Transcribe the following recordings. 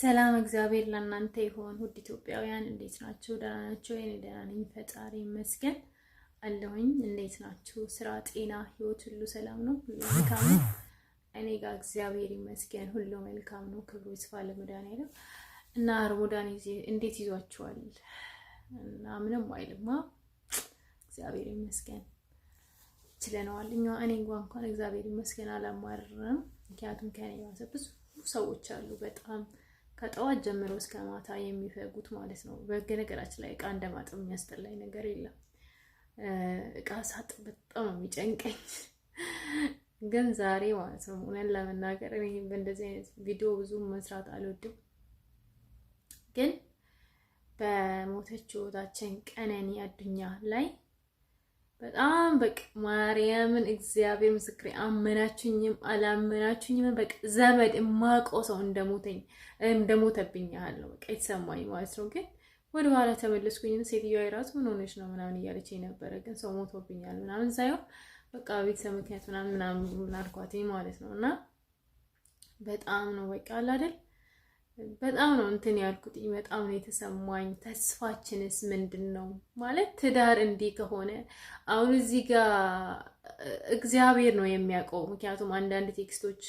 ሰላም እግዚአብሔር ለእናንተ ይሁን። ውድ ኢትዮጵያውያን እንዴት ናችሁ? ደህና ናቸው? እኔ ደህና ነኝ፣ ፈጣሪ ይመስገን አለውኝ። እንዴት ናችሁ? ስራ፣ ጤና፣ ህይወት ሁሉ ሰላም ነው? ሁሉ መልካም ነው? እኔ ጋር እግዚአብሔር ይመስገን ሁሉ መልካም ነው። ክብሩ ይስፋ ለመድኃኒዓለም እና ረመዳን እንዴት ይዟችኋል? እና ምንም አይልማ እግዚአብሔር ይመስገን ችለነዋል። እኛ እኔ እንኳ እንኳን እግዚአብሔር ይመስገን አላማርም። ምክንያቱም ከኔ የባሰ ብዙ ሰዎች አሉ በጣም ከጠዋት ጀምሮ እስከ ማታ የሚፈጉት ማለት ነው። በነገራችን ላይ እቃ እንደማጠብ የሚያስጠላኝ ነገር የለም። እቃ ሳጥብ በጣም ነው የሚጨንቀኝ፣ ግን ዛሬ ማለት ነው እውነት ለመናገር እኔ በእንደዚህ አይነት ቪዲዮ ብዙ መስራት አልወድም፣ ግን በሞተች ህይወታችን ቀነኒ አዱኛ ላይ በጣም በቃ ማርያምን እግዚአብሔር ምስክሬ አመናችኝም አላመናችኝም በቃ ዘመድ የማውቀው ሰው እንደሞተኝ እንደሞተብኝ ያህል ነው በቃ የተሰማኝ ማለት ነው። ግን ወደ ኋላ ተመለስኩኝ ሴትዮዋ የራሱ ምን ሆነች ነው ምናምን እያለች ነበረ። ግን ሰው ሞቶብኛል ምናምን ሳይሆን በቃ ቤተሰብ ምክንያት ምናምን ምናምን አልኳትኝ ማለት ነው። እና በጣም ነው በቃ አላደል በጣም ነው እንትን ያልኩት፣ በጣም ነው የተሰማኝ። ተስፋችንስ ምንድን ነው ማለት ትዳር እንዲህ ከሆነ አሁን እዚህ ጋር እግዚአብሔር ነው የሚያውቀው። ምክንያቱም አንዳንድ ቴክስቶች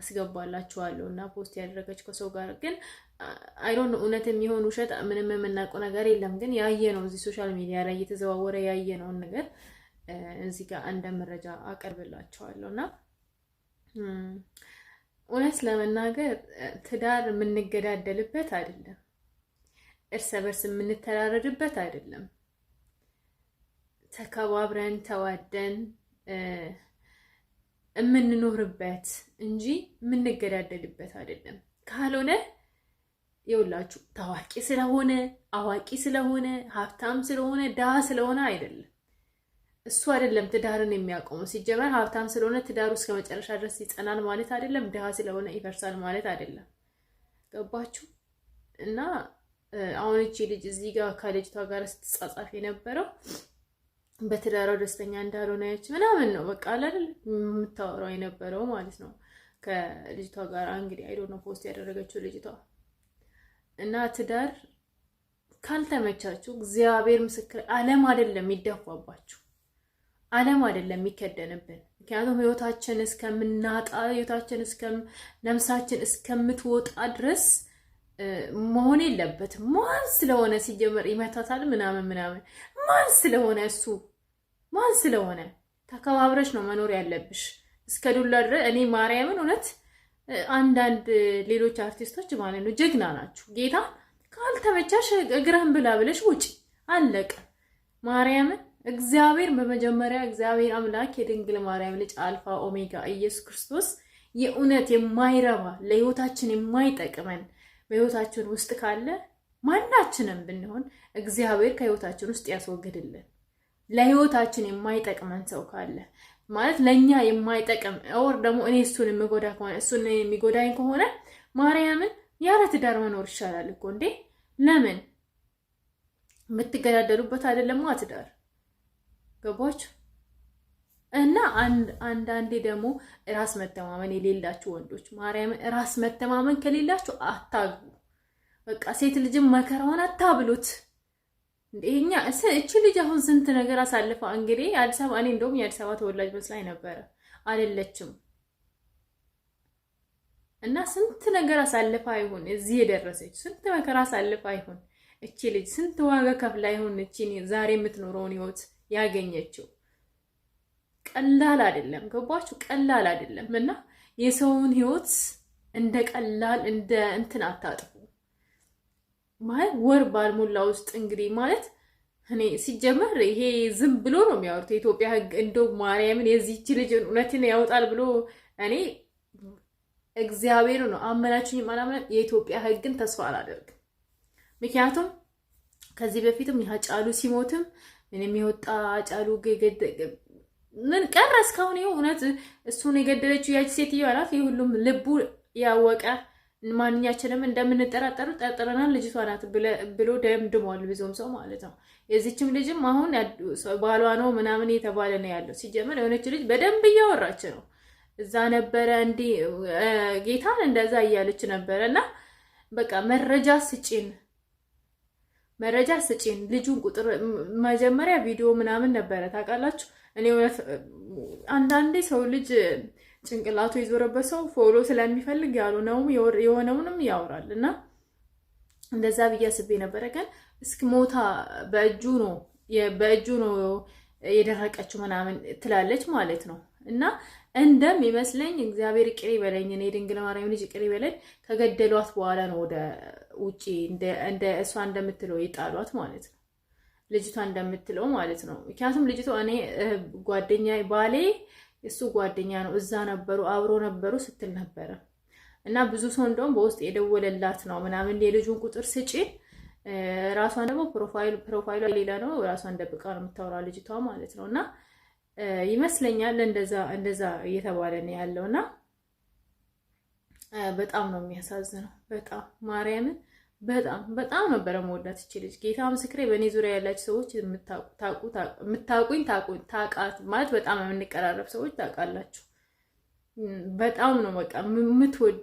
አስገባላችኋለሁ እና ፖስት ያደረገች ከሰው ጋር ግን አይሮን እውነት የሚሆን ውሸት ምንም የምናውቀው ነገር የለም። ግን ያየ ነው እዚህ ሶሻል ሚዲያ ላይ እየተዘዋወረ ያየ ነውን ነገር እዚህ ጋር እንደ መረጃ አቀርብላችኋለሁ እና እውነት ለመናገር ትዳር የምንገዳደልበት አይደለም፣ እርስ በርስ የምንተራረድበት አይደለም። ተከባብረን ተዋደን የምንኖርበት እንጂ የምንገዳደልበት አይደለም። ካልሆነ የውላችሁ ታዋቂ ስለሆነ አዋቂ ስለሆነ ሀብታም ስለሆነ ድሃ ስለሆነ አይደለም። እሱ አይደለም ትዳርን የሚያቆመው። ሲጀመር ሀብታም ስለሆነ ትዳሩ እስከ መጨረሻ ድረስ ይጸናል ማለት አይደለም፣ ድሃ ስለሆነ ይፈርሳል ማለት አይደለም። ገባችሁ? እና አሁን እቺ ልጅ እዚህ ጋር ከልጅቷ ጋር ስትጻጻፍ የነበረው በትዳሯ ደስተኛ እንዳልሆነች ምናምን ነው በቃ አይደል የምታወራው የነበረው ማለት ነው። ከልጅቷ ጋር እንግዲህ አይዶ ነው ፖስት ያደረገችው ልጅቷ እና ትዳር ካልተመቻችሁ እግዚአብሔር ምስክር ዓለም አይደለም ይደፋባችሁ ዓለም አይደለም የሚከደንብን። ምክንያቱም ህይወታችን እስከምናጣ ህይወታችን ነፍሳችን እስከምትወጣ ድረስ መሆን የለበትም። ማን ስለሆነ ሲጀመር ይመታታል ምናምን ምናምን፣ ማን ስለሆነ እሱ ማን ስለሆነ ተከባብረሽ ነው መኖር ያለብሽ እስከ ዱላ ድረስ። እኔ ማርያምን እውነት አንዳንድ ሌሎች አርቲስቶች ማለት ነው ጀግና ናችሁ። ጌታ ካልተመቻሽ እግረህን ብላ ብለሽ ውጪ፣ አለቀ ማርያምን እግዚአብሔር በመጀመሪያ እግዚአብሔር አምላክ የድንግል ማርያም ልጅ አልፋ ኦሜጋ ኢየሱስ ክርስቶስ የእውነት የማይረባ ለህይወታችን የማይጠቅመን በህይወታችን ውስጥ ካለ ማናችንም ብንሆን እግዚአብሔር ከህይወታችን ውስጥ ያስወግድልን። ለህይወታችን የማይጠቅመን ሰው ካለ ማለት ለእኛ የማይጠቅም ወር ደግሞ እኔ እሱን የምጎዳ ከሆነ እሱን የሚጎዳኝ ከሆነ ማርያምን ያለ ትዳር መኖር ይሻላል እኮ እንዴ! ለምን የምትገዳደሉበት አይደለም ትዳር ገባችሁ? እና አንዳንዴ ደግሞ ራስ መተማመን የሌላችሁ ወንዶች ማርያምን፣ ራስ መተማመን ከሌላችሁ አታግቡ። በቃ ሴት ልጅም መከራውን አታብሉት። እኛ እቺ ልጅ አሁን ስንት ነገር አሳልፋ እንግዲህ አዲስ አበባ እኔ እንደውም የአዲስ አበባ ተወላጅ መስላኝ ነበረ፣ አይደለችም። እና ስንት ነገር አሳልፋ ይሁን እዚህ የደረሰች ስንት መከራ አሳልፋ ይሁን እቺ ልጅ ስንት ዋጋ ከፍላ ይሁን እቺ ዛሬ የምትኖረውን ህይወት ያገኘችው። ቀላል አይደለም። ገባችሁ? ቀላል አይደለም። እና የሰውን ህይወት እንደ ቀላል እንደ እንትን አታጥፉ። ማለት ወር ባልሞላ ውስጥ እንግዲህ ማለት እኔ ሲጀመር ይሄ ዝም ብሎ ነው የሚያወሩት የኢትዮጵያ ህግ እንደው ማርያምን የዚህች ልጅ እውነትን ያወጣል ብሎ እኔ እግዚአብሔር ነው አመናችሁኝ አላመናችሁኝ፣ የኢትዮጵያ ህግን ተስፋ አላደርግም። ምክንያቱም ከዚህ በፊትም ያጫሉ ሲሞትም ምንም የወጣ ጫሉ ምን ቀረ እስካሁን? ይኸው እውነት እሱን የገደለችው ያች ሴትዮ አላት። የሁሉም ልቡ ያወቀ ማንኛችንም እንደምንጠራጠሩ ጠርጥረናል፣ ልጅቷ ናት ብሎ ደምድሟል። ብዙም ሰው ማለት ነው። የዚችም ልጅም አሁን ባሏ ነው ምናምን የተባለ ነው ያለው። ሲጀመር የሆነች ልጅ በደንብ እያወራች ነው። እዛ ነበረ እንዲህ ጌታን እንደዛ እያለች ነበረ እና በቃ መረጃ ስጪን መረጃ ስጪን ልጁን ቁጥር መጀመሪያ ቪዲዮ ምናምን ነበረ ታውቃላችሁ። እኔ እውነት አንዳንዴ ሰው ልጅ ጭንቅላቱ የዞረበት ሰው ፎሎ ስለሚፈልግ ያልሆነውም የሆነውንም ያወራል እና እንደዛ ብዬ አስቤ ነበረ። ግን እስኪ ሞታ በእጁ ነው በእጁ ነው የደረቀችው ምናምን ትላለች ማለት ነው እና ይመስለኝ እግዚአብሔር ቅሬ በለኝ እኔ ድንግል ማርያም ልጅ ቅሬ በለኝ ከገደሏት በኋላ ነው ወደ ውጪ እንደ እሷ እንደምትለው ይጣሏት ማለት ነው። ልጅቷ እንደምትለው ማለት ነው። ምክንያቱም ልጅቷ እኔ ጓደኛ ባሌ እሱ ጓደኛ ነው፣ እዛ ነበሩ፣ አብሮ ነበሩ ስትል ነበረ እና ብዙ ሰው እንደውም በውስጥ የደወለላት ነው ምናምን የልጁን ቁጥር ስጪ ራሷን ደግሞ ፕሮፋይሏ ሌላ ነው፣ ራሷን ደብቃ ነው የምታወራ ልጅቷ ማለት ነው። እና ይመስለኛል እንደዛ እንደዛ እየተባለ ነው ያለው እና በጣም ነው የሚያሳዝነው። በጣም ማርያምን በጣም በጣም ነበረ መወዳት እቺ ልጅ ጌታ ምስክሬ። በእኔ ዙሪያ ያላችሁ ሰዎች የምታውቁኝ ታቃት ማለት በጣም የምንቀራረብ ሰዎች ታውቃላችሁ። በጣም ነው በቃ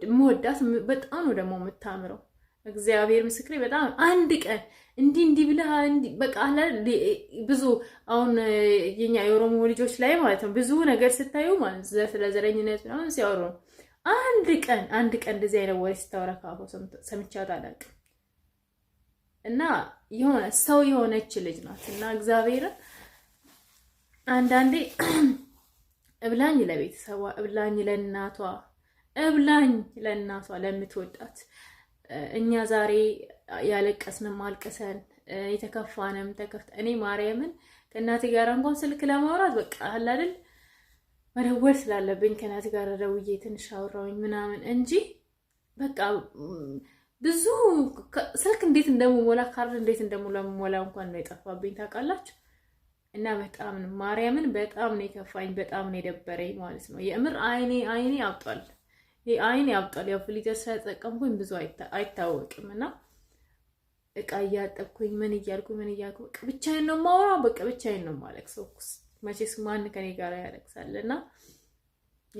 የምወዳት። በጣም ነው ደግሞ የምታምረው። እግዚአብሔር ምስክሬ። በጣም አንድ ቀን እንዲህ እንዲህ ብለህ በቃ ብዙ አሁን የኛ የኦሮሞ ልጆች ላይ ማለት ነው ብዙ ነገር ስታዩ ማለት ስለ ዘረኝነት ምናምን ሲያወሩ ነው አንድ ቀን አንድ ቀን እንደዚህ አይነት ወሬ ስታወራ ካፎ ሰምቻ አላውቅም። እና የሆነ ሰው የሆነች ልጅ ናት። እና እግዚአብሔርን አንዳንዴ እብላኝ ለቤተሰቧ፣ እብላኝ ለእናቷ፣ እብላኝ ለእናቷ ለምትወዳት። እኛ ዛሬ ያለቀስንም አልቅሰን የተከፋንም ተከፍተ እኔ ማርያምን ከእናቴ ጋር እንኳን ስልክ ለማውራት በቃ አላደል መደወል ስላለብኝ ከናት ጋር ደውዬ ትንሽ አወራሁኝ ምናምን እንጂ በቃ ብዙ ስልክ እንዴት እንደምሞላ ካርድ እንዴት እንደምሞላ እንኳን ነው የጠፋብኝ ታውቃላችሁ። እና በጣም ነው ማርያምን፣ በጣም ነው የከፋኝ፣ በጣም ነው የደበረኝ ማለት ነው። የእምር አይኔ አይኔ ያብጧል፣ አይኔ ያብጧል። ያው ፍሊተር ስለተጠቀምኩኝ ብዙ አይታወቅም እና እቃ እያጠብኩኝ ምን እያልኩ ምን እያልኩ ብቻዬን ነው የማወራው፣ በቃ ብቻዬን ነው የማለቅሰው። መቼስ ማን ከኔ ጋር ያለቅሳል? እና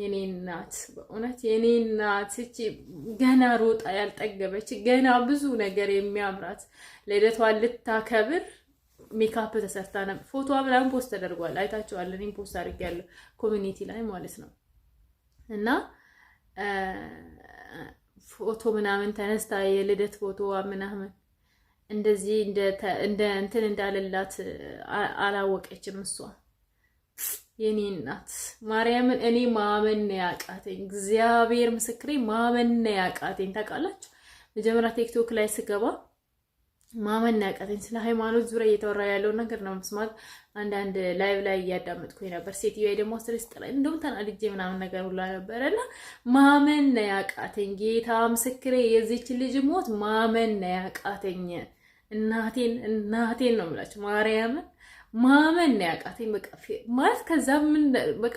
የኔ እናት በእውነት የኔ እናት እቺ ገና ሮጣ ያልጠገበች ገና ብዙ ነገር የሚያምራት ልደቷን ልታከብር ሜካፕ ተሰርታ ነ ፎቶ ምናምን ፖስት ተደርጓል፣ አይታችኋል። እኔም ፖስት አድርጌያለሁ ኮሚኒቲ ላይ ማለት ነው። እና ፎቶ ምናምን ተነስታ የልደት ፎቶ ምናምን እንደዚህ እንደ እንትን እንዳለላት አላወቀችም እሷ። የኔ እናት ማርያምን እኔ ማመን ነው ያቃተኝ። እግዚአብሔር ምስክሬ ማመን ያቃተኝ። ታውቃላችሁ መጀመሪያ ቲክቶክ ላይ ስገባ ማመን ነው ያቃተኝ። ስለ ሃይማኖት ዙሪያ እየተወራ ያለው ነገር ነው መስማት። አንዳንድ ላይቭ ላይ እያዳመጥኩኝ ነበር። ሴትዮዋ ደግሞ ስሬስ ጥላ እንደውም ተናድጄ ምናምን ነገር ሁላ ነበረ እና ማመን ያቃተኝ። ጌታ ምስክሬ የዚች ልጅ ሞት ማመን ነው ያቃተኝ። እናቴን እናቴን ነው የምላችሁ ማርያምን ማመን ነው ያቃተኝ። ማለት ከዛ ምን በቃ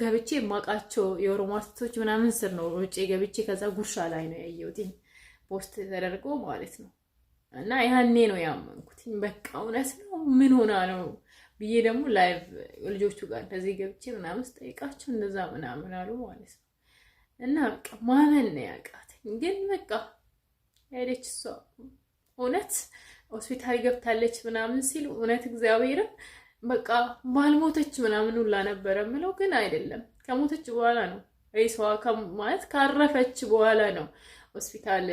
ገብቼ የማውቃቸው የኦሮሞ አርቲስቶች ምናምን ስር ነው ውጭ ገብቼ ከዛ ጉርሻ ላይ ነው ያየሁትኝ ፖስት ተደርጎ ማለት ነው። እና ያኔ ነው ያመንኩትኝ። በቃ እውነት ነው ምን ሆና ነው ብዬ ደግሞ ላይቭ ልጆቹ ጋር እንደዚህ ገብቼ ምናምን ስጠይቃቸው እንደዛ ምናምን አሉ ማለት ነው። እና በቃ ማመን ነው ያቃተኝ። ግን በቃ ሄደች እሷ እውነት ሆስፒታል ገብታለች ምናምን ሲል እውነት እግዚአብሔርም በቃ ባልሞተች ምናምን ሁላ ነበረ ምለው፣ ግን አይደለም ከሞተች በኋላ ነው ሬሳዋ ማለት ካረፈች በኋላ ነው ሆስፒታል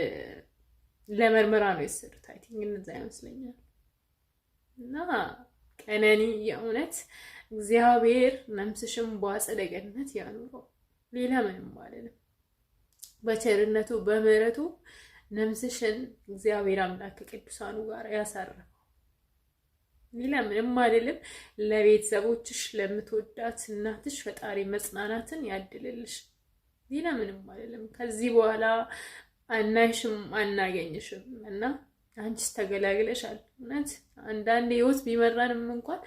ለመርመራ ነው የሰዱት። አይ ቲንክ እንደዛ ይመስለኛል። እና ቀነኒ የእውነት እግዚአብሔር ነፍስሽን በአጸደ ገነት ያኑረው። ሌላ ምንም አለንም። በቸርነቱ በምሕረቱ ነፍስሽን እግዚአብሔር አምላክ ቅዱሳኑ ጋር ያሳርፈው። ለምን እማልልም ለቤተሰቦችሽ ለምትወዳት እናትሽ ፈጣሪ መጽናናትን ያድልልሽ። ለምን እማልልም ከዚህ በኋላ አናይሽም አናገኝሽም እና አንቺስ ተገላግለሻል። እውነት አንዳንድ ህይወት ቢመራንም እንኳን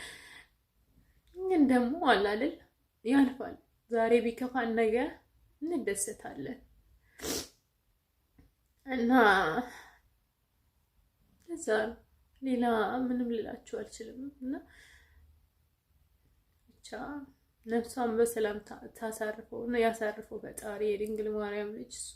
ግን ደግሞ አላልል ያልፋል። ዛሬ ቢከፋን ነገ እንደሰታለን። እና እዛ ሌላ ምንም ልላችሁ አልችልም። እና ብቻ ነፍሷን በሰላም ታሳርፈው ነው ያሳርፈው ፈጣሪ የድንግል ማርያም ልጅ እሱ